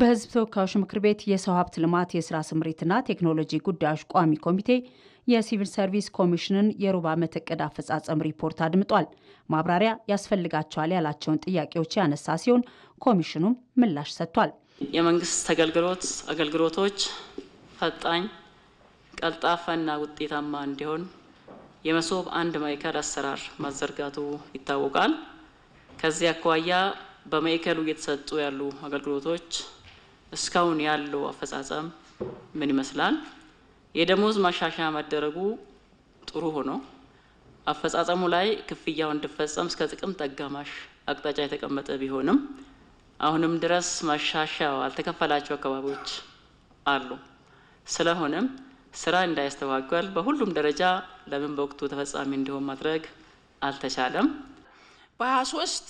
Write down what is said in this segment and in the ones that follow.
በህዝብ ተወካዮች ምክር ቤት የሰው ሀብት ልማት የስራ ስምሪትና ቴክኖሎጂ ጉዳዮች ቋሚ ኮሚቴ የሲቪል ሰርቪስ ኮሚሽንን የሩብ ዓመት እቅድ አፈጻጸም ሪፖርት አድምጧል። ማብራሪያ ያስፈልጋቸዋል ያላቸውን ጥያቄዎች ያነሳ ሲሆን ኮሚሽኑም ምላሽ ሰጥቷል። የመንግስት አገልግሎት አገልግሎቶች ፈጣኝ፣ ቀልጣፋና ውጤታማ እንዲሆን የመሶብ አንድ ማዕከል አሰራር ማዘርጋቱ ይታወቃል። ከዚህ አኳያ በማዕከሉ እየተሰጡ ያሉ አገልግሎቶች እስካሁን ያለው አፈጻጸም ምን ይመስላል? የደሞዝ ማሻሻያ መደረጉ ጥሩ ሆኖ አፈጻጸሙ ላይ ክፍያው እንዲፈጸም እስከ ጥቅምት አጋማሽ አቅጣጫ የተቀመጠ ቢሆንም አሁንም ድረስ ማሻሻያው አልተከፈላቸው አካባቢዎች አሉ። ስለሆነም ስራ እንዳይስተጓጎል በሁሉም ደረጃ ለምን በወቅቱ ተፈጻሚ እንዲሆን ማድረግ አልተቻለም በሀያ ሶስት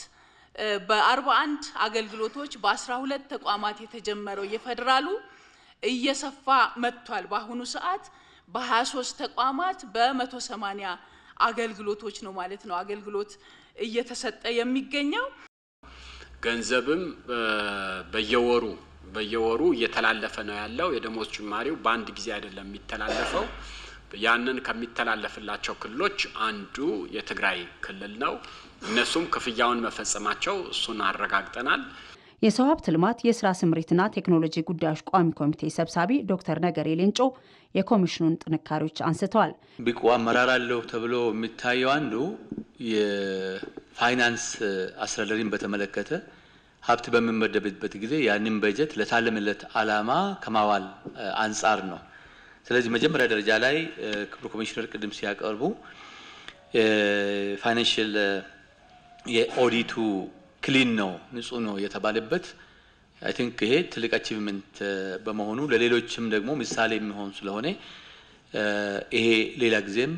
በአርባ አንድ አገልግሎቶች በአስራ ሁለት ተቋማት የተጀመረው የፌዴራሉ እየሰፋ መጥቷል። በአሁኑ ሰዓት በሀያ ሶስት ተቋማት በመቶ ሰማኒያ አገልግሎቶች ነው ማለት ነው አገልግሎት እየተሰጠ የሚገኘው። ገንዘብም በየወሩ በየወሩ እየተላለፈ ነው ያለው። የደሞዝ ጭማሪው በአንድ ጊዜ አይደለም የሚተላለፈው ያንን ከሚተላለፍላቸው ክልሎች አንዱ የትግራይ ክልል ነው። እነሱም ክፍያውን መፈጸማቸው እሱን አረጋግጠናል። የሰው ሀብት ልማት የስራ ስምሪትና ቴክኖሎጂ ጉዳዮች ቋሚ ኮሚቴ ሰብሳቢ ዶክተር ነገሬ ሌንጮ የኮሚሽኑን ጥንካሬዎች አንስተዋል። ብቁ አመራር አለው ተብሎ የሚታየው አንዱ የፋይናንስ አስተዳደሪን በተመለከተ ሀብት በሚመደብበት ጊዜ ያንን በጀት ለታለምለት ዓላማ ከማዋል አንጻር ነው። ስለዚህ መጀመሪያ ደረጃ ላይ ክቡር ኮሚሽነር ቅድም ሲያቀርቡ ፋይናንሽል የኦዲቱ ክሊን ነው ንጹህ ነው የተባለበት አይ ቲንክ ይሄ ትልቅ አቺቭመንት በመሆኑ ለሌሎችም ደግሞ ምሳሌ የሚሆን ስለሆነ ይሄ ሌላ ጊዜም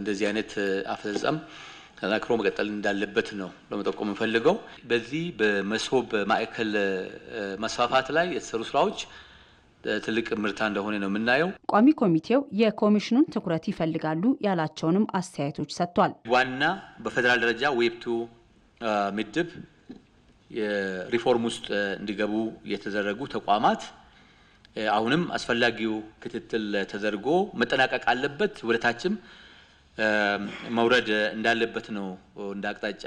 እንደዚህ አይነት አፈጻጸም ተጠናክሮ መቀጠል እንዳለበት ነው ለመጠቆም የምፈልገው። በዚህ በመሶብ ማዕከል መስፋፋት ላይ የተሰሩ ስራዎች ትልቅ ምርታ እንደሆነ ነው የምናየው። ቋሚ ኮሚቴው የኮሚሽኑን ትኩረት ይፈልጋሉ ያላቸውንም አስተያየቶች ሰጥቷል። ዋና በፌዴራል ደረጃ ዌብቱ ምድብ የሪፎርም ውስጥ እንዲገቡ የተዘረጉ ተቋማት አሁንም አስፈላጊው ክትትል ተደርጎ መጠናቀቅ አለበት፣ ወደታችም መውረድ እንዳለበት ነው እንደ አቅጣጫ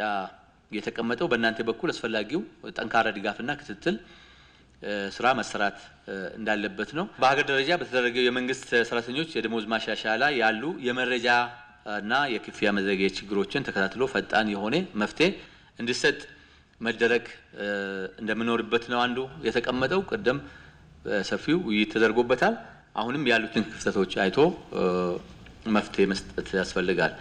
የተቀመጠው። በእናንተ በኩል አስፈላጊው ጠንካራ ድጋፍና ክትትል ስራ መሰራት እንዳለበት ነው። በሀገር ደረጃ በተደረገው የመንግስት ሰራተኞች የደሞዝ ማሻሻያ ላይ ያሉ የመረጃ እና የክፍያ መዘግየት ችግሮችን ተከታትሎ ፈጣን የሆነ መፍትሄ እንዲሰጥ መደረግ እንደሚኖርበት ነው አንዱ የተቀመጠው። ቅድም ሰፊው ውይይት ተደርጎበታል። አሁንም ያሉትን ክፍተቶች አይቶ መፍትሄ መስጠት ያስፈልጋል።